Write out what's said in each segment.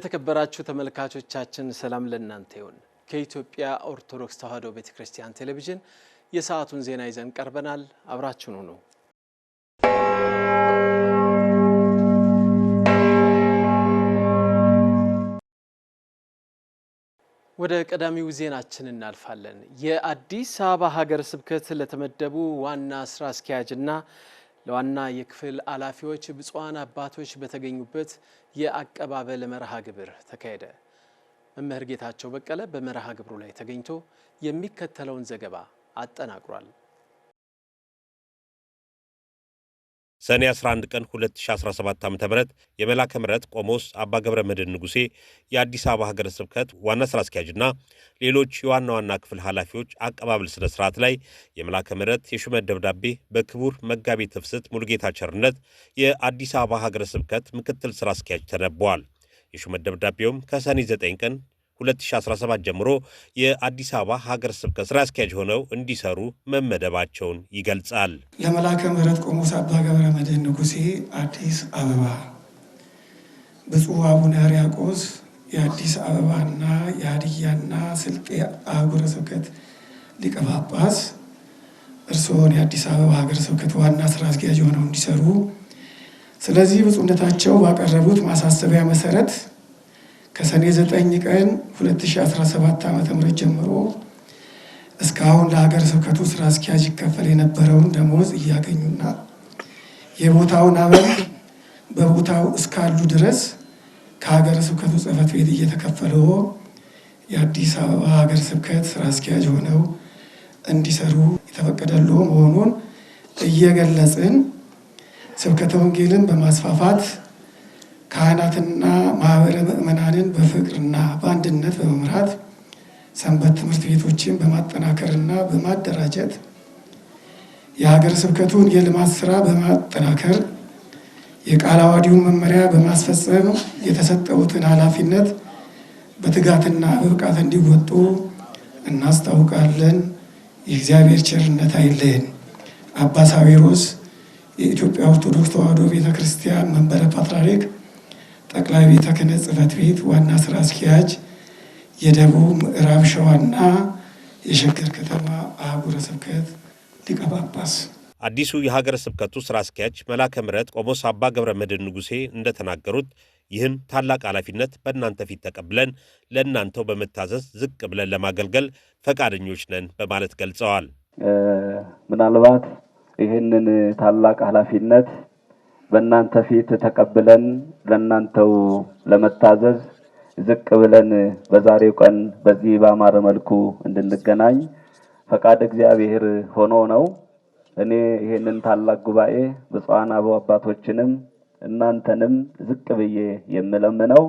የተከበራችሁ ተመልካቾቻችን ሰላም ለእናንተ ይሁን። ከኢትዮጵያ ኦርቶዶክስ ተዋሕዶ ቤተ ክርስቲያን ቴሌቪዥን የሰዓቱን ዜና ይዘን ቀርበናል። አብራችን ሁኑ። ወደ ቀዳሚው ዜናችን እናልፋለን። የአዲስ አበባ ሀገረ ስብከት ለተመደቡ ዋና ስራ አስኪያጅና ለዋና የክፍል ኃላፊዎች ብፁዓን አባቶች በተገኙበት የአቀባበል መርሃ ግብር ተካሄደ። መምህር ጌታቸው በቀለ በመርሃ ግብሩ ላይ ተገኝቶ የሚከተለውን ዘገባ አጠናቅሯል። ሰኔ 11 ቀን 2017 ዓ ም የመላከ ምረት ቆሞስ አባ ገብረ መድህን ንጉሴ የአዲስ አበባ ሀገረ ስብከት ዋና ሥራ አስኪያጅና ሌሎች የዋና ዋና ክፍል ኃላፊዎች አቀባበል ሥነ ሥርዓት ላይ የመላከ ምረት የሹመት ደብዳቤ በክቡር መጋቤ ትፍስት ሙሉጌታ ቸርነት የአዲስ አበባ ሀገረ ስብከት ምክትል ሥራ አስኪያጅ ተነበዋል። የሹመት ደብዳቤውም ከሰኔ 9 ቀን 2017 ጀምሮ የአዲስ አበባ ሀገረ ስብከት ስራ አስኪያጅ ሆነው እንዲሰሩ መመደባቸውን ይገልጻል። ለመላከ ምሕረት ቆሞስ አባ ገብረ መድኅን ንጉሴ አዲስ አበባ፣ ብፁዕ አቡነ ሪያቆስ የአዲስ አበባና የሀዲያና ስልጤ አህጉረ ስብከት ሊቀ ጳጳስ እርስዎን የአዲስ አበባ ሀገረ ስብከት ዋና ስራ አስኪያጅ ሆነው እንዲሰሩ ስለዚህ ብፁዕነታቸው ባቀረቡት ማሳሰቢያ መሰረት ከሰኔ 9 ቀን 2017 ዓ ም ጀምሮ እስካሁን ለሀገር ስብከቱ ስራ አስኪያጅ ይከፈል የነበረውን ደሞዝ እያገኙና የቦታውን አበል በቦታው እስካሉ ድረስ ከሀገር ስብከቱ ጽህፈት ቤት እየተከፈለው የአዲስ አበባ ሀገር ስብከት ስራ አስኪያጅ ሆነው እንዲሰሩ የተፈቀደሉ መሆኑን እየገለጽን ስብከተ ወንጌልን በማስፋፋት ካህናትና ማህበረ ምዕመናንን በፍቅርና በአንድነት በመምራት ሰንበት ትምህርት ቤቶችን በማጠናከርና በማደራጀት የሀገረ ስብከቱን የልማት ስራ በማጠናከር የቃለ ዓዋዲውን መመሪያ በማስፈጸም የተሰጠውትን ኃላፊነት በትጋትና በብቃት እንዲወጡ እናስታውቃለን። የእግዚአብሔር ቸርነት አይለየን። አባ ሳዊሮስ የኢትዮጵያ ኦርቶዶክስ ተዋሕዶ ቤተ ክርስቲያን መንበረ ፓትርያርክ ጠቅላይ ቤተ ክህነት ጽሕፈት ቤት ዋና ስራ አስኪያጅ፣ የደቡብ ምዕራብ ሸዋና የሸገር ከተማ አህጉረ ስብከት ሊቀ ጳጳስ አዲሱ የሀገረ ስብከቱ ስራ አስኪያጅ መላከ ምሕረት ቆሞስ አባ ገብረ መድኅን ንጉሴ እንደተናገሩት ይህን ታላቅ ኃላፊነት በእናንተ ፊት ተቀብለን ለእናንተው በመታዘዝ ዝቅ ብለን ለማገልገል ፈቃደኞች ነን በማለት ገልጸዋል። ምናልባት ይህንን ታላቅ ኃላፊነት በእናንተ ፊት ተቀብለን ለእናንተው ለመታዘዝ ዝቅ ብለን በዛሬው ቀን በዚህ በአማረ መልኩ እንድንገናኝ ፈቃድ እግዚአብሔር ሆኖ ነው። እኔ ይሄንን ታላቅ ጉባኤ ብፁዓን አበው አባቶችንም እናንተንም ዝቅ ብዬ የምለምነው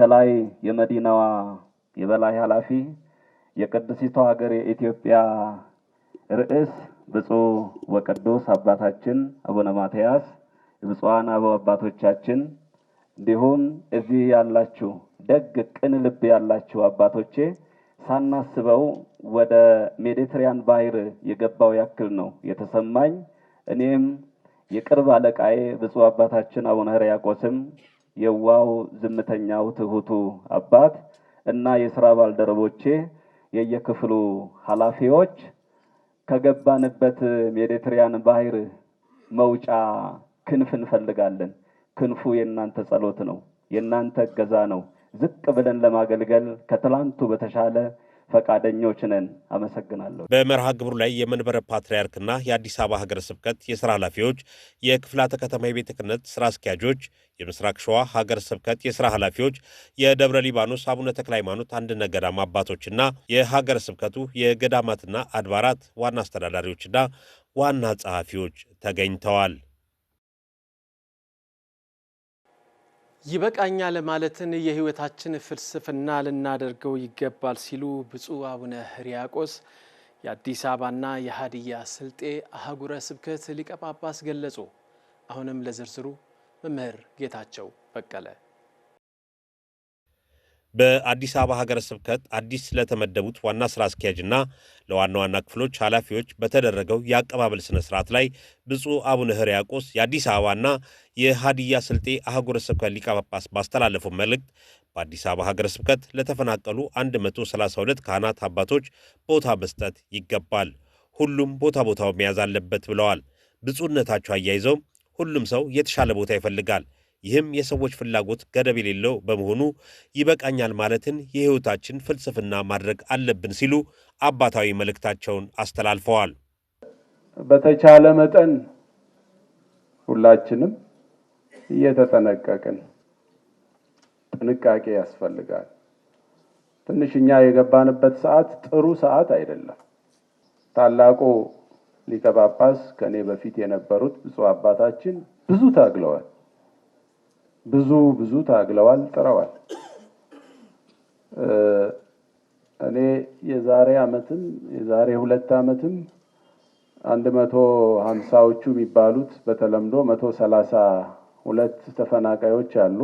ከላይ የመዲናዋ የበላይ ኃላፊ የቅድስቷ ሀገር የኢትዮጵያ ርዕስ ብፁዕ ወቅዱስ አባታችን አቡነ ማትያስ ብፁዓን አበው አባቶቻችን እንዲሁም እዚህ ያላችሁ ደግ ቅን ልብ ያላችሁ አባቶቼ ሳናስበው ወደ ሜዲትሪያን ባህር የገባው ያክል ነው የተሰማኝ። እኔም የቅርብ አለቃዬ ብፁዕ አባታችን አቡነ ሕርያቆስም የዋው ዝምተኛው ትሁቱ አባት እና የስራ ባልደረቦቼ የየክፍሉ ኃላፊዎች ከገባንበት ሜዲትሪያን ባህር መውጫ ክንፍ እንፈልጋለን። ክንፉ የእናንተ ጸሎት ነው፣ የእናንተ እገዛ ነው። ዝቅ ብለን ለማገልገል ከትላንቱ በተሻለ ፈቃደኞች ነን። አመሰግናለሁ። በመርሃ ግብሩ ላይ የመንበረ ፓትርያርክና የአዲስ አበባ ሀገረ ስብከት የስራ ኃላፊዎች፣ የክፍላተ ከተማ የቤተ ክህነት ስራ አስኪያጆች፣ የምስራቅ ሸዋ ሀገረ ስብከት የስራ ኃላፊዎች፣ የደብረ ሊባኖስ አቡነ ተክለ ሃይማኖት አንድነ ገዳም አባቶችና የሀገረ ስብከቱ የገዳማትና አድባራት ዋና አስተዳዳሪዎችና ዋና ጸሐፊዎች ተገኝተዋል። ይበቃኛል ማለትን የሕይወታችን ፍልስፍና ልናደርገው ይገባል ሲሉ ብፁዕ አቡነ ሕርያቆስ የአዲስ አበባና የሀዲያ ስልጤ አህጉረ ስብከት ሊቀ ጳጳስ ገለጹ። አሁንም ለዝርዝሩ መምህር ጌታቸው በቀለ በአዲስ አበባ ሀገረ ስብከት አዲስ ስለተመደቡት ዋና ስራ አስኪያጅና ለዋና ዋና ክፍሎች ኃላፊዎች በተደረገው የአቀባበል ስነ ስርዓት ላይ ብፁዕ አቡነ ሕርያቆስ የአዲስ አበባና የሀዲያ ስልጤ አህጉረ ስብከት ሊቀ ጳጳስ ባስተላለፈው መልእክት በአዲስ አበባ ሀገረ ስብከት ለተፈናቀሉ 132 ካህናት አባቶች ቦታ መስጠት ይገባል፣ ሁሉም ቦታ ቦታው መያዝ አለበት ብለዋል። ብፁዕነታቸው አያይዘው ሁሉም ሰው የተሻለ ቦታ ይፈልጋል ይህም የሰዎች ፍላጎት ገደብ የሌለው በመሆኑ ይበቃኛል ማለትን የሕይወታችን ፍልስፍና ማድረግ አለብን ሲሉ አባታዊ መልእክታቸውን አስተላልፈዋል። በተቻለ መጠን ሁላችንም እየተጠነቀቅን ጥንቃቄ ያስፈልጋል። ትንሽ እኛ የገባንበት ሰዓት ጥሩ ሰዓት አይደለም። ታላቁ ሊቀ ጳጳስ ከእኔ በፊት የነበሩት ብፁዕ አባታችን ብዙ ታግለዋል። ብዙ ብዙ ታግለዋል፣ ጥረዋል። እኔ የዛሬ ዓመትም የዛሬ ሁለት ዓመትም አንድ መቶ ሀምሳዎቹ የሚባሉት በተለምዶ መቶ ሰላሳ ሁለት ተፈናቃዮች አሉ።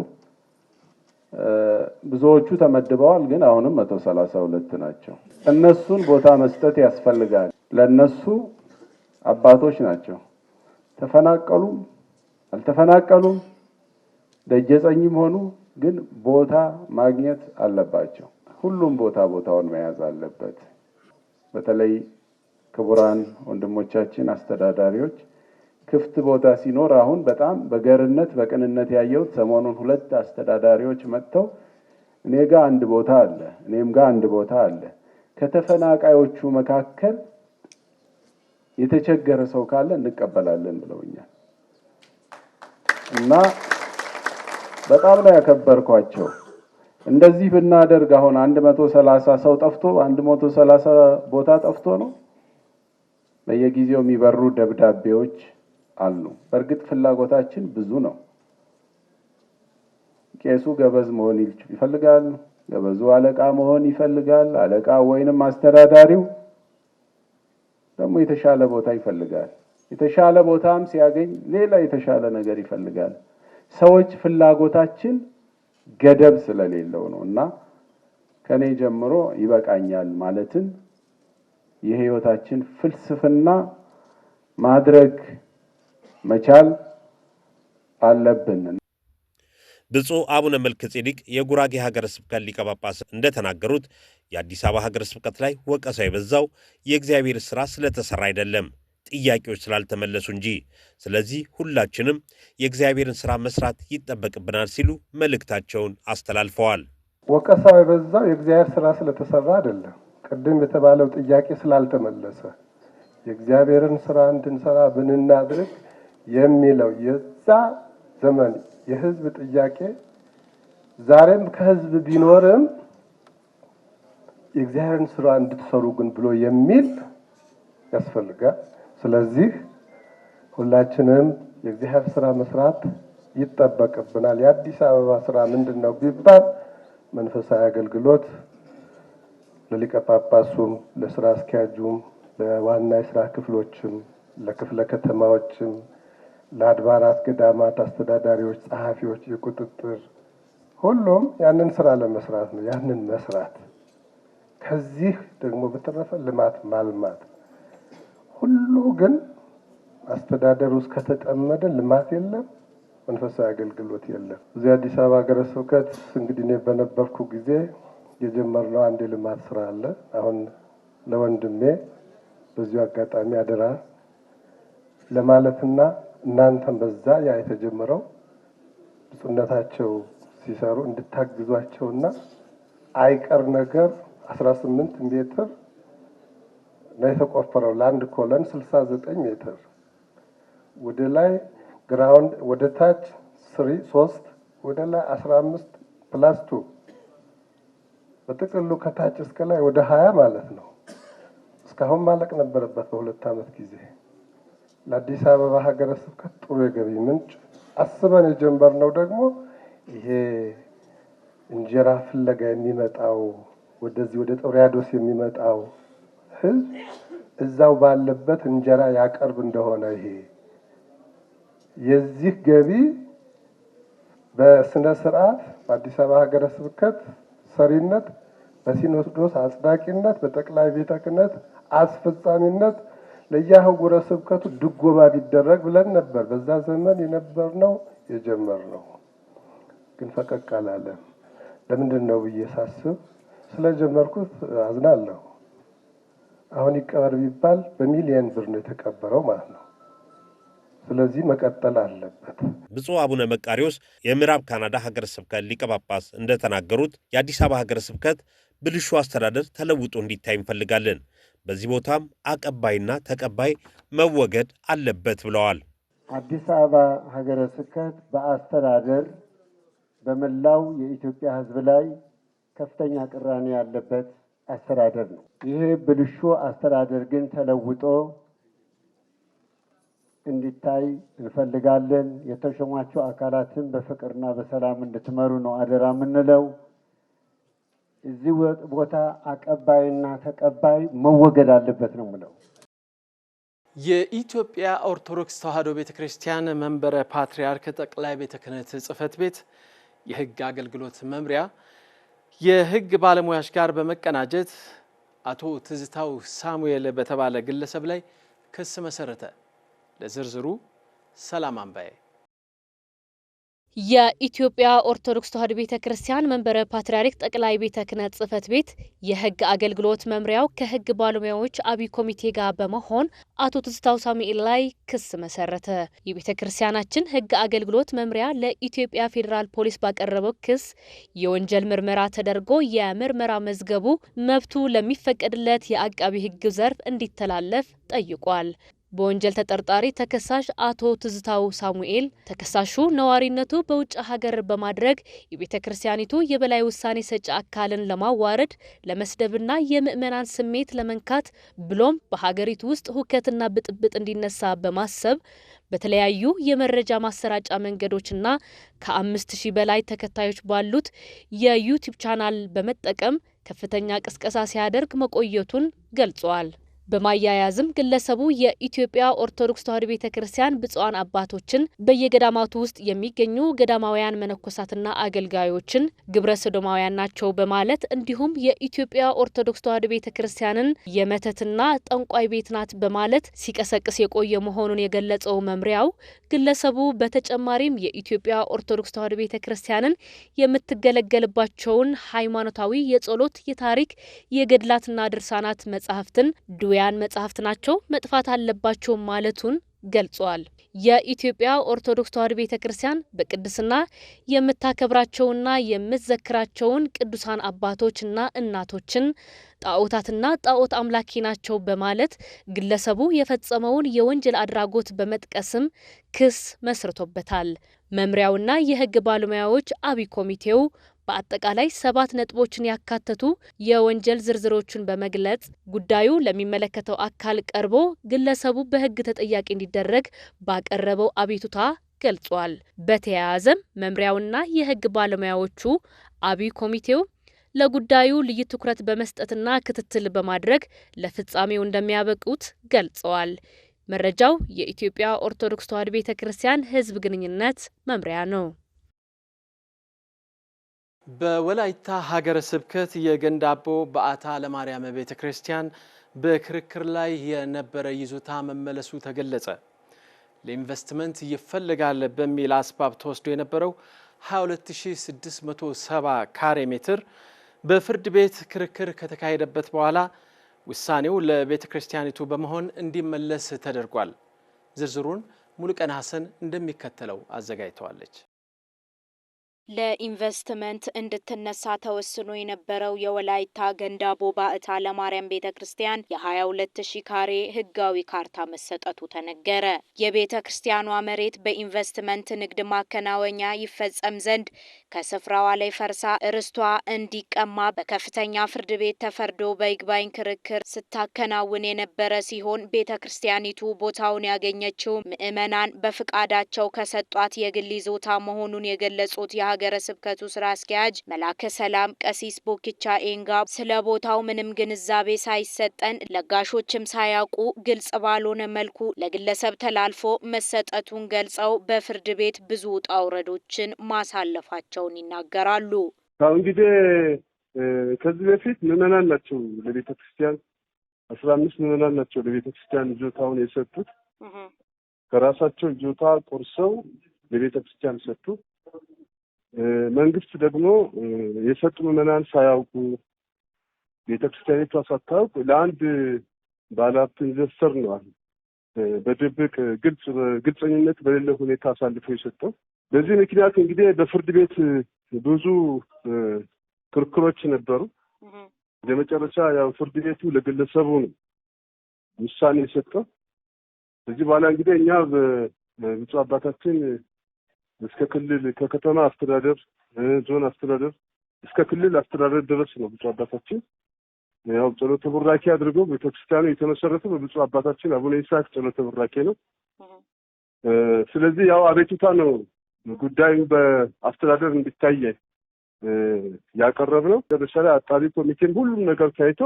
ብዙዎቹ ተመድበዋል፣ ግን አሁንም መቶ ሰላሳ ሁለት ናቸው። እነሱን ቦታ መስጠት ያስፈልጋል። ለእነሱ አባቶች ናቸው። ተፈናቀሉም አልተፈናቀሉም ደጀፀኝም ሆኑ ግን ቦታ ማግኘት አለባቸው። ሁሉም ቦታ ቦታውን መያዝ አለበት። በተለይ ክቡራን ወንድሞቻችን አስተዳዳሪዎች ክፍት ቦታ ሲኖር አሁን በጣም በገርነት በቅንነት ያየሁት ሰሞኑን ሁለት አስተዳዳሪዎች መጥተው እኔ ጋ አንድ ቦታ አለ፣ እኔም ጋ አንድ ቦታ አለ፣ ከተፈናቃዮቹ መካከል የተቸገረ ሰው ካለ እንቀበላለን ብለውኛል እና በጣም ነው ያከበርኳቸው። እንደዚህ ብናደርግ አሁን አንድ መቶ ሰው ጠፍቶ አንድ መቶ ሰላሳ ቦታ ጠፍቶ ነው። በየጊዜው የሚበሩ ደብዳቤዎች አሉ። በእርግጥ ፍላጎታችን ብዙ ነው። ቄሱ ገበዝ መሆን ይፈልጋል። ገበዙ አለቃ መሆን ይፈልጋል። አለቃ ወይንም አስተዳዳሪው ደግሞ የተሻለ ቦታ ይፈልጋል። የተሻለ ቦታም ሲያገኝ ሌላ የተሻለ ነገር ይፈልጋል። ሰዎች ፍላጎታችን ገደብ ስለሌለው ነው እና ከኔ ጀምሮ ይበቃኛል ማለትን የህይወታችን ፍልስፍና ማድረግ መቻል አለብን። ብፁዕ አቡነ መልከ ጼዴቅ የጉራጌ ሀገረ ስብከት ሊቀ ጳጳስ እንደተናገሩት የአዲስ አበባ ሀገረ ስብከት ላይ ወቀሳ የበዛው የእግዚአብሔር ስራ ስለተሰራ አይደለም። ጥያቄዎች ስላልተመለሱ እንጂ። ስለዚህ ሁላችንም የእግዚአብሔርን ሥራ መስራት ይጠበቅብናል ሲሉ መልእክታቸውን አስተላልፈዋል። ወቀሳው የበዛው የእግዚአብሔር ሥራ ስለተሰራ አይደለም። ቅድም የተባለው ጥያቄ ስላልተመለሰ የእግዚአብሔርን ሥራ እንድንሰራ ብንናድርግ የሚለው የዛ ዘመን የህዝብ ጥያቄ ዛሬም ከህዝብ ቢኖርም የእግዚአብሔርን ስራ እንድትሰሩ ግን ብሎ የሚል ያስፈልጋል። ስለዚህ ሁላችንም የእግዚአብሔር ስራ መስራት ይጠበቅብናል። የአዲስ አበባ ስራ ምንድን ነው ቢባል መንፈሳዊ አገልግሎት ለሊቀ ጳጳሱም፣ ለስራ አስኪያጁም፣ ለዋና የስራ ክፍሎችም፣ ለክፍለ ከተማዎችም፣ ለአድባራት ገዳማት አስተዳዳሪዎች፣ ጸሐፊዎች፣ የቁጥጥር ሁሉም ያንን ስራ ለመስራት ነው። ያንን መስራት ከዚህ ደግሞ በተረፈ ልማት ማልማት ሁሉ ግን አስተዳደር ውስጥ ከተጠመደ ልማት የለም፣ መንፈሳዊ አገልግሎት የለም። እዚህ አዲስ አበባ ሀገረ ስብከት እንግዲህ እኔ በነበርኩ ጊዜ የጀመርነው አንድ የልማት ስራ አለ። አሁን ለወንድሜ በዚሁ አጋጣሚ አደራ ለማለትና እናንተም በዛ ያ የተጀመረው ብፁዕነታቸው ሲሰሩ እንድታግዟቸውና አይቀር ነገር 18 ሜትር ነው የተቆፈረው ለአንድ ኮለን 69 ሜትር ወደ ላይ ግራውንድ ወደ ታች ስሪ ሶስት ወደ ላይ 15 ፕላስ ቱ በጥቅሉ ከታች እስከ ላይ ወደ 20 ማለት ነው። እስካሁን ማለቅ ነበረበት በሁለት ዓመት ጊዜ። ለአዲስ አበባ ሀገረ ስብከት ጥሩ የገቢ ምንጭ አስበን የጀመርነው ደግሞ ይሄ እንጀራ ፍለጋ የሚመጣው ወደዚህ ወደ ጦሪያዶስ የሚመጣው ህዝብ እዛው ባለበት እንጀራ ያቀርብ እንደሆነ ይሄ የዚህ ገቢ በስነ ስርዓት በአዲስ አበባ ሀገረ ስብከት ሰሪነት በሲኖዶስ አጽዳቂነት በጠቅላይ ቤተ ክህነት አስፈጻሚነት ለየአህጉረ ስብከቱ ድጎማ ቢደረግ ብለን ነበር። በዛ ዘመን የነበርነው የጀመርነው ግን ፈቀቅ አላለም። ለምንድን ነው ብዬ ሳስብ ስለጀመርኩት አዝናለሁ። አሁን ይቀበር ቢባል በሚሊየን ብር ነው የተቀበረው ማለት ነው። ስለዚህ መቀጠል አለበት። ብፁዕ አቡነ መቃሪዎስ የምዕራብ ካናዳ ሀገረ ስብከት ሊቀ ጳጳስ እንደተናገሩት የአዲስ አበባ ሀገረ ስብከት ብልሹ አስተዳደር ተለውጦ እንዲታይ እንፈልጋለን። በዚህ ቦታም አቀባይና ተቀባይ መወገድ አለበት ብለዋል። አዲስ አበባ ሀገረ ስብከት በአስተዳደር በመላው የኢትዮጵያ ሕዝብ ላይ ከፍተኛ ቅራኔ ያለበት አስተዳደር ነው። ይሄ ብልሹ አስተዳደር ግን ተለውጦ እንዲታይ እንፈልጋለን። የተሾሟቸው አካላትን በፍቅርና በሰላም እንድትመሩ ነው አደራ የምንለው። እዚህ ቦታ አቀባይና ተቀባይ መወገድ አለበት ነው ምለው። የኢትዮጵያ ኦርቶዶክስ ተዋሕዶ ቤተ ክርስቲያን መንበረ ፓትርያርክ ጠቅላይ ቤተ ክህነት ጽሕፈት ቤት የሕግ አገልግሎት መምሪያ የህግ ባለሙያዎች ጋር በመቀናጀት አቶ ትዝታው ሳሙኤል በተባለ ግለሰብ ላይ ክስ መሰረተ። ለዝርዝሩ ሰላም አምባዬ የኢትዮጵያ ኦርቶዶክስ ተዋሕዶ ቤተ ክርስቲያን መንበረ ፓትርያርክ ጠቅላይ ቤተ ክህነት ጽሕፈት ቤት የሕግ አገልግሎት መምሪያው ከሕግ ባለሙያዎች አብይ ኮሚቴ ጋር በመሆን አቶ ትዝታው ሳሙኤል ላይ ክስ መሰረተ። የቤተ ክርስቲያናችን ሕግ አገልግሎት መምሪያ ለኢትዮጵያ ፌዴራል ፖሊስ ባቀረበው ክስ የወንጀል ምርመራ ተደርጎ የምርመራ መዝገቡ መብቱ ለሚፈቀድለት የአቃቢ ሕግ ዘርፍ እንዲተላለፍ ጠይቋል። በወንጀል ተጠርጣሪ ተከሳሽ አቶ ትዝታው ሳሙኤል ተከሳሹ ነዋሪነቱ በውጭ ሀገር በማድረግ የቤተ ክርስቲያኒቱ የበላይ ውሳኔ ሰጪ አካልን ለማዋረድ ለመስደብና የምዕመናን ስሜት ለመንካት ብሎም በሀገሪቱ ውስጥ ሁከትና ብጥብጥ እንዲነሳ በማሰብ በተለያዩ የመረጃ ማሰራጫ መንገዶችና ከአምስት ሺህ በላይ ተከታዮች ባሉት የዩቲዩብ ቻናል በመጠቀም ከፍተኛ ቅስቀሳ ሲያደርግ መቆየቱን ገልጿል። በማያያዝም ግለሰቡ የኢትዮጵያ ኦርቶዶክስ ተዋሕዶ ቤተ ክርስቲያን ብፁዓን አባቶችን በየገዳማቱ ውስጥ የሚገኙ ገዳማውያን መነኮሳትና አገልጋዮችን ግብረ ሰዶማውያን ናቸው በማለት እንዲሁም የኢትዮጵያ ኦርቶዶክስ ተዋሕዶ ቤተ ክርስቲያንን የመተትና ጠንቋይ ቤት ናት በማለት ሲቀሰቅስ የቆየ መሆኑን የገለጸው መምሪያው ግለሰቡ በተጨማሪም የኢትዮጵያ ኦርቶዶክስ ተዋሕዶ ቤተ ክርስቲያንን የምትገለገልባቸውን ሃይማኖታዊ የጸሎት፣ የታሪክ፣ የገድላትና ድርሳናት መጻሕፍትን ድዌ አረጋውያን መጽሐፍት ናቸው መጥፋት አለባቸውም ማለቱን ገልጸዋል የኢትዮጵያ ኦርቶዶክስ ተዋሕዶ ቤተ ክርስቲያን በቅድስና የምታከብራቸውና የምትዘክራቸውን ቅዱሳን አባቶችና እናቶችን ጣዖታትና ጣዖት አምላኪ ናቸው በማለት ግለሰቡ የፈጸመውን የወንጀል አድራጎት በመጥቀስም ክስ መስርቶበታል። መምሪያውና የሕግ ባለሙያዎች አቢ ኮሚቴው በአጠቃላይ ሰባት ነጥቦችን ያካተቱ የወንጀል ዝርዝሮችን በመግለጽ ጉዳዩ ለሚመለከተው አካል ቀርቦ ግለሰቡ በሕግ ተጠያቂ እንዲደረግ ባቀረበው አቤቱታ ገልጿል። በተያያዘም መምሪያውና የሕግ ባለሙያዎቹ አብይ ኮሚቴው ለጉዳዩ ልዩ ትኩረት በመስጠትና ክትትል በማድረግ ለፍጻሜው እንደሚያበቁት ገልጸዋል። መረጃው የኢትዮጵያ ኦርቶዶክስ ተዋሕዶ ቤተ ክርስቲያን ሕዝብ ግንኙነት መምሪያ ነው። በወላይታ ሀገረ ስብከት የገንዳቦ በአታ ለማርያም ቤተ ክርስቲያን በክርክር ላይ የነበረ ይዞታ መመለሱ ተገለጸ። ለኢንቨስትመንት ይፈልጋል በሚል አስባብ ተወስዶ የነበረው 22670 ካሬ ሜትር በፍርድ ቤት ክርክር ከተካሄደበት በኋላ ውሳኔው ለቤተ ክርስቲያኒቱ በመሆን እንዲመለስ ተደርጓል። ዝርዝሩን ሙሉቀን ሀሰን እንደሚከተለው አዘጋጅተዋለች። ለኢንቨስትመንት እንድትነሳ ተወስኖ የነበረው የወላይታ ገንዳ ቦባ እታ ለማርያም ቤተ ክርስቲያን የ22 ሺ ካሬ ህጋዊ ካርታ መሰጠቱ ተነገረ። የቤተ ክርስቲያኗ መሬት በኢንቨስትመንት ንግድ ማከናወኛ ይፈጸም ዘንድ ከስፍራዋ ላይ ፈርሳ ርስቷ እንዲቀማ በከፍተኛ ፍርድ ቤት ተፈርዶ በይግባኝ ክርክር ስታከናውን የነበረ ሲሆን ቤተ ክርስቲያኒቱ ቦታውን ያገኘችው ምዕመናን በፍቃዳቸው ከሰጧት የግል ይዞታ መሆኑን የገለጹት የሀገረ ስብከቱ ስራ አስኪያጅ መላከ ሰላም ቀሲስ ቦኪቻ ኤንጋ ስለ ቦታው ምንም ግንዛቤ ሳይሰጠን ለጋሾችም ሳያውቁ ግልጽ ባልሆነ መልኩ ለግለሰብ ተላልፎ መሰጠቱን ገልጸው በፍርድ ቤት ብዙ ውጣ ውረዶችን ማሳለፋቸው መሆናቸውን ይናገራሉ። እንግዲህ ከዚህ በፊት ምዕመናን ናቸው ለቤተ ክርስቲያን አስራ አምስት ምዕመናን ናቸው ለቤተ ክርስቲያን እጆታውን የሰጡት ከራሳቸው እጆታ ቆርሰው ለቤተ ክርስቲያን ሰጡ። መንግስት ደግሞ የሰጡ ምዕመናን ሳያውቁ ቤተ ክርስቲያኒቷ ሳታውቅ ለአንድ ባለሀብት ኢንቨስተር ነዋል በድብቅ ግልጽ ግልጸኝነት በሌለ ሁኔታ አሳልፎ የሰጠው። በዚህ ምክንያት እንግዲህ በፍርድ ቤት ብዙ ክርክሮች ነበሩ። የመጨረሻ ያው ፍርድ ቤቱ ለግለሰቡ ነው ውሳኔ የሰጠው። ከዚህ በኋላ እንግዲህ እኛ ብፁዕ አባታችን እስከ ክልል ከከተማ አስተዳደር፣ ዞን አስተዳደር እስከ ክልል አስተዳደር ድረስ ነው ብፁዕ አባታችን ያው ጸሎተ ቡራኬ አድርጎ ቤተክርስቲያኑ የተመሰረተው በብፁዕ አባታችን አቡነ ይስሐቅ ጸሎተ ቡራኬ ነው። ስለዚህ ያው አቤቱታ ነው ጉዳዩ በአስተዳደር እንዲታይ ያቀረብ ነው። መጨረሻ ላይ አጣሪ ኮሚቴም ሁሉም ነገር ታይቶ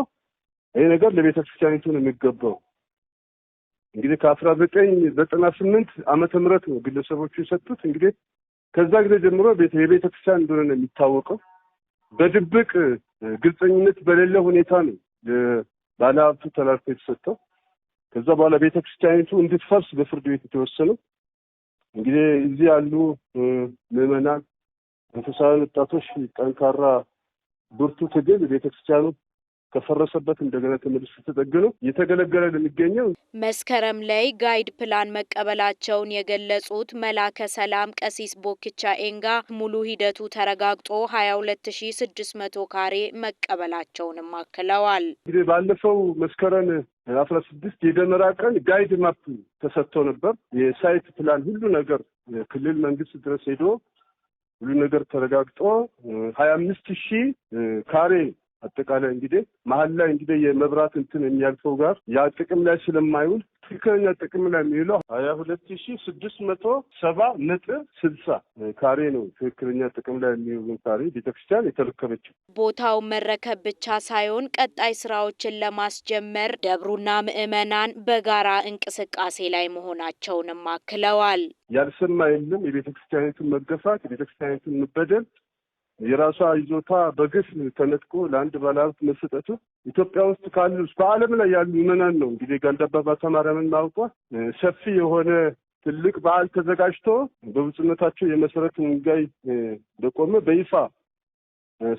ይህ ነገር ለቤተ ክርስቲያኒቱ ነው የሚገባው። እንግዲህ ከአስራ ዘጠኝ ዘጠና ስምንት አመተ ምህረት ነው ግለሰቦቹ የሰጡት። እንግዲህ ከዛ ጊዜ ጀምሮ የቤተ ክርስቲያን እንደሆነ ነው የሚታወቀው። በድብቅ ግልፀኝነት በሌለ ሁኔታ ነው ባለሀብቱ ተላልፎ የተሰጠው። ከዛ በኋላ ቤተ ክርስቲያኒቱ እንድትፈርስ በፍርድ ቤት የተወሰነው እንግዲህ እዚህ ያሉ ምዕመናን መንፈሳዊ ወጣቶች ጠንካራ ብርቱ ትግል ቤተክርስቲያኑ ከፈረሰበት እንደገና ተመልሶ ተጠግኖ እየተገለገለ ነው የሚገኘው። መስከረም ላይ ጋይድ ፕላን መቀበላቸውን የገለጹት መላከ ሰላም ቀሲስ ቦክቻ ኤንጋ ሙሉ ሂደቱ ተረጋግጦ ሀያ ሁለት ሺ ስድስት መቶ ካሬ መቀበላቸውንም አክለዋል። እንግዲህ ባለፈው መስከረም አስራ ስድስት የደመራ ቀን ጋይድ ማፕ ተሰጥቶ ነበር። የሳይት ፕላን ሁሉ ነገር ክልል መንግስት ድረስ ሄዶ ሁሉ ነገር ተረጋግጦ ሀያ አምስት ሺህ ካሬ አጠቃላይ እንግዲህ መሀል ላይ እንግዲህ የመብራት እንትን የሚያልፈው ጋር ያ ጥቅም ላይ ስለማይውል ትክክለኛ ጥቅም ላይ የሚውለው ሀያ ሁለት ሺ ስድስት መቶ ሰባ ነጥብ ስልሳ ካሬ ነው። ትክክለኛ ጥቅም ላይ የሚውሉን ካሬ ቤተክርስቲያን የተረከበችው ቦታው መረከብ ብቻ ሳይሆን ቀጣይ ስራዎችን ለማስጀመር ደብሩና ምዕመናን በጋራ እንቅስቃሴ ላይ መሆናቸውንም አክለዋል። ያልሰማ የለም። የቤተክርስቲያኒቱን መገፋት፣ የቤተክርስቲያኒቱን መበደል የራሷ ይዞታ በግፍ ተነጥቆ ለአንድ ባለሀብት መሰጠቱ ኢትዮጵያ ውስጥ ካሉ በዓለም ላይ ያሉ ምዕመናን ነው እንግዲህ ጋልዳባ ማርያምን ማውቋ ሰፊ የሆነ ትልቅ በዓል ተዘጋጅቶ በብፁዕነታቸው የመሰረት ድንጋይ በቆመ በይፋ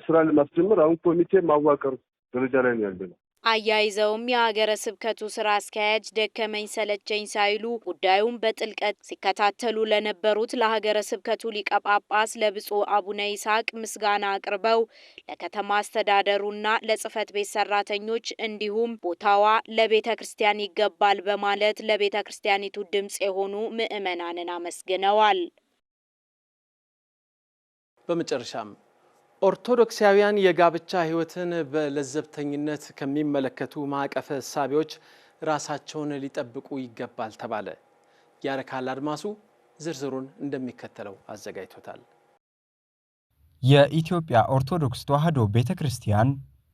ስራ ለማስጀመር አሁን ኮሚቴ ማዋቀር ደረጃ ላይ ነው ያለ አያይዘውም የሀገረ ስብከቱ ስራ አስኪያጅ ደከመኝ ሰለቸኝ ሳይሉ ጉዳዩን በጥልቀት ሲከታተሉ ለነበሩት ለሀገረ ስብከቱ ሊቀ ጳጳስ ለብፁዕ አቡነ ይስሐቅ ምስጋና አቅርበው ለከተማ አስተዳደሩና ለጽህፈት ቤት ሰራተኞች እንዲሁም ቦታዋ ለቤተ ክርስቲያን ይገባል በማለት ለቤተ ክርስቲያኒቱ ድምፅ የሆኑ ምእመናንን አመስግነዋል። በመጨረሻም ኦርቶዶክሳውያን የጋብቻ ህይወትን በለዘብተኝነት ከሚመለከቱ ማዕቀፈ ሳቢዎች ራሳቸውን ሊጠብቁ ይገባል ተባለ። ያረካል አድማሱ ዝርዝሩን እንደሚከተለው አዘጋጅቶታል። የኢትዮጵያ ኦርቶዶክስ ተዋሕዶ ቤተ ክርስቲያን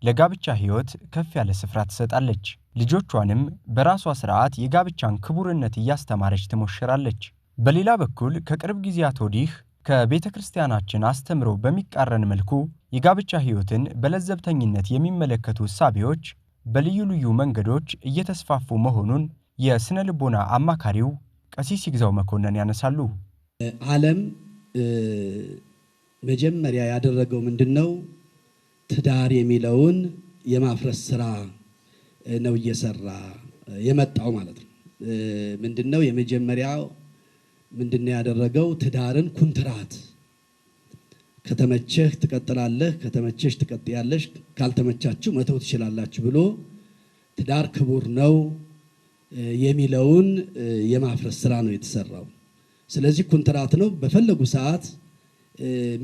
ለጋብቻ ህይወት ከፍ ያለ ስፍራ ትሰጣለች። ልጆቿንም በራሷ ስርዓት የጋብቻን ክቡርነት እያስተማረች ትሞሽራለች። በሌላ በኩል ከቅርብ ጊዜያት ወዲህ ከቤተ ክርስቲያናችን አስተምሮ በሚቃረን መልኩ የጋብቻ ሕይወትን በለዘብተኝነት የሚመለከቱ እሳቤዎች በልዩ ልዩ መንገዶች እየተስፋፉ መሆኑን የስነ ልቦና አማካሪው ቀሲስ ይግዛው መኮንን ያነሳሉ። ዓለም መጀመሪያ ያደረገው ምንድን ነው? ትዳር የሚለውን የማፍረስ ስራ ነው እየሰራ የመጣው ማለት ነው። ምንድን ነው የመጀመሪያው ምንድነው ያደረገው? ትዳርን ኩንትራት ከተመቸህ ትቀጥላለህ፣ ከተመቸሽ ትቀጥያለሽ፣ ካልተመቻችሁ መተው ትችላላችሁ ብሎ ትዳር ክቡር ነው የሚለውን የማፍረስ ስራ ነው የተሰራው። ስለዚህ ኩንትራት ነው። በፈለጉ ሰዓት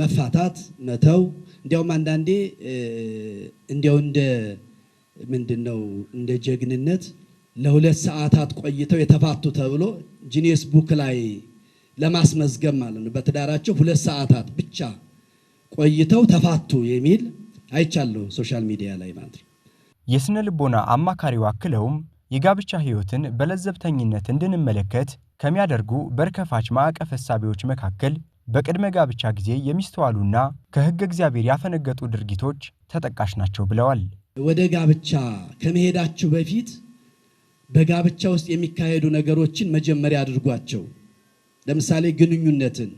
መፋታት፣ መተው እንዲያውም አንዳንዴ እንዲያው እንደ ምንድን ነው እንደ ጀግንነት ለሁለት ሰዓታት ቆይተው የተፋቱ ተብሎ ጂኒየስ ቡክ ላይ ለማስመዝገብ ማለት ነው። በትዳራቸው ሁለት ሰዓታት ብቻ ቆይተው ተፋቱ የሚል አይቻለሁ ሶሻል ሚዲያ ላይ ማለት ነው። የስነ ልቦና አማካሪው አክለውም የጋብቻ ህይወትን በለዘብተኝነት እንድንመለከት ከሚያደርጉ በርከፋች ማዕቀፍ እሳቤዎች መካከል በቅድመ ጋብቻ ጊዜ የሚስተዋሉና ከህግ እግዚአብሔር ያፈነገጡ ድርጊቶች ተጠቃሽ ናቸው ብለዋል። ወደ ጋብቻ ከመሄዳችሁ በፊት በጋብቻ ውስጥ የሚካሄዱ ነገሮችን መጀመሪያ አድርጓቸው። ለምሳሌ ግንኙነትን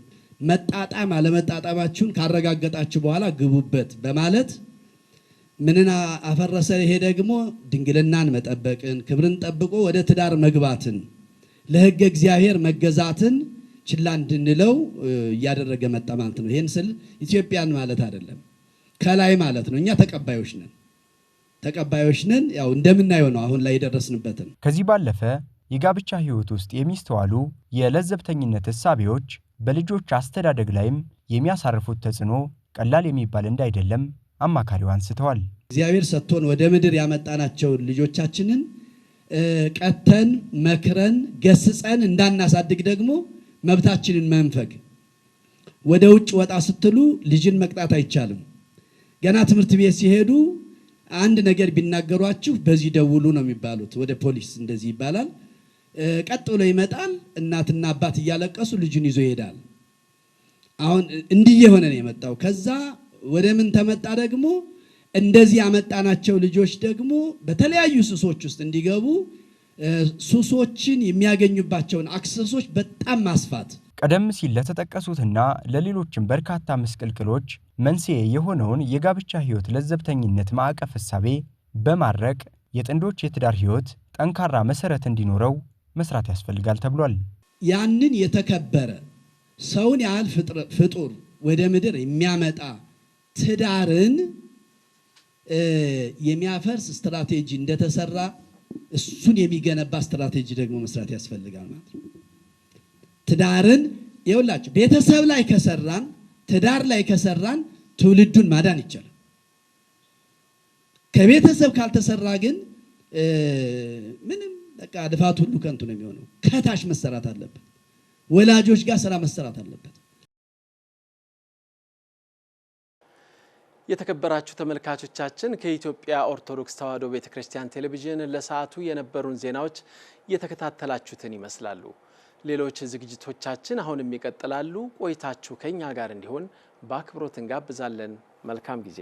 መጣጣም አለመጣጣማችሁን ካረጋገጣችሁ በኋላ ግቡበት በማለት ምንን አፈረሰ? ይሄ ደግሞ ድንግልናን መጠበቅን፣ ክብርን ጠብቆ ወደ ትዳር መግባትን፣ ለሕገ እግዚአብሔር መገዛትን ችላ እንድንለው እያደረገ መጣ ማለት ነው። ይህን ስል ኢትዮጵያን ማለት አይደለም፣ ከላይ ማለት ነው። እኛ ተቀባዮች ነን ተቀባዮች ነን። ያው እንደምናየው ነው አሁን ላይ የደረስንበትን። ከዚህ ባለፈ የጋብቻ ህይወት ውስጥ የሚስተዋሉ የለዘብተኝነት እሳቤዎች በልጆች አስተዳደግ ላይም የሚያሳርፉት ተጽዕኖ ቀላል የሚባል እንዳይደለም አማካሪው አንስተዋል። እግዚአብሔር ሰጥቶን ወደ ምድር ያመጣናቸውን ልጆቻችንን ቀተን መክረን ገስጸን እንዳናሳድግ ደግሞ መብታችንን መንፈግ። ወደ ውጭ ወጣ ስትሉ ልጅን መቅጣት አይቻልም። ገና ትምህርት ቤት ሲሄዱ አንድ ነገር ቢናገሯችሁ በዚህ ደውሉ ነው የሚባሉት። ወደ ፖሊስ እንደዚህ ይባላል። ቀጥ ብሎ ይመጣል። እናትና አባት እያለቀሱ ልጁን ይዞ ይሄዳል። አሁን እንዲህ የሆነ ነው የመጣው። ከዛ ወደ ምን ተመጣ ደግሞ እንደዚህ ያመጣናቸው ልጆች ደግሞ በተለያዩ ሱሶች ውስጥ እንዲገቡ ሱሶችን የሚያገኙባቸውን አክሰሶች በጣም ማስፋት ቀደም ሲል ለተጠቀሱትና ለሌሎችም በርካታ ምስቅልቅሎች መንስኤ የሆነውን የጋብቻ ሕይወት ለዘብተኝነት ማዕቀፍ እሳቤ በማድረቅ የጥንዶች የትዳር ሕይወት ጠንካራ መሰረት እንዲኖረው መስራት ያስፈልጋል ተብሏል። ያንን የተከበረ ሰውን ያህል ፍጡር ወደ ምድር የሚያመጣ ትዳርን የሚያፈርስ ስትራቴጂ እንደተሰራ እሱን የሚገነባ ስትራቴጂ ደግሞ መስራት ያስፈልጋል ማለት ነው። ትዳርን የውላቸው ቤተሰብ ላይ ከሰራን ትዳር ላይ ከሰራን ትውልዱን ማዳን ይቻላል። ከቤተሰብ ካልተሰራ ግን ምንም በቃ ልፋት ሁሉ ከንቱ ነው የሚሆነው። ከታች መሰራት አለበት። ወላጆች ጋር ስራ መሰራት አለበት። የተከበራችሁ ተመልካቾቻችን ከኢትዮጵያ ኦርቶዶክስ ተዋሕዶ ቤተ ክርስቲያን ቴሌቪዥን ለሰዓቱ የነበሩን ዜናዎች እየተከታተላችሁትን ይመስላሉ። ሌሎች ዝግጅቶቻችን አሁንም ይቀጥላሉ። ቆይታችሁ ከኛ ጋር እንዲሆን በአክብሮት እንጋብዛለን። መልካም ጊዜ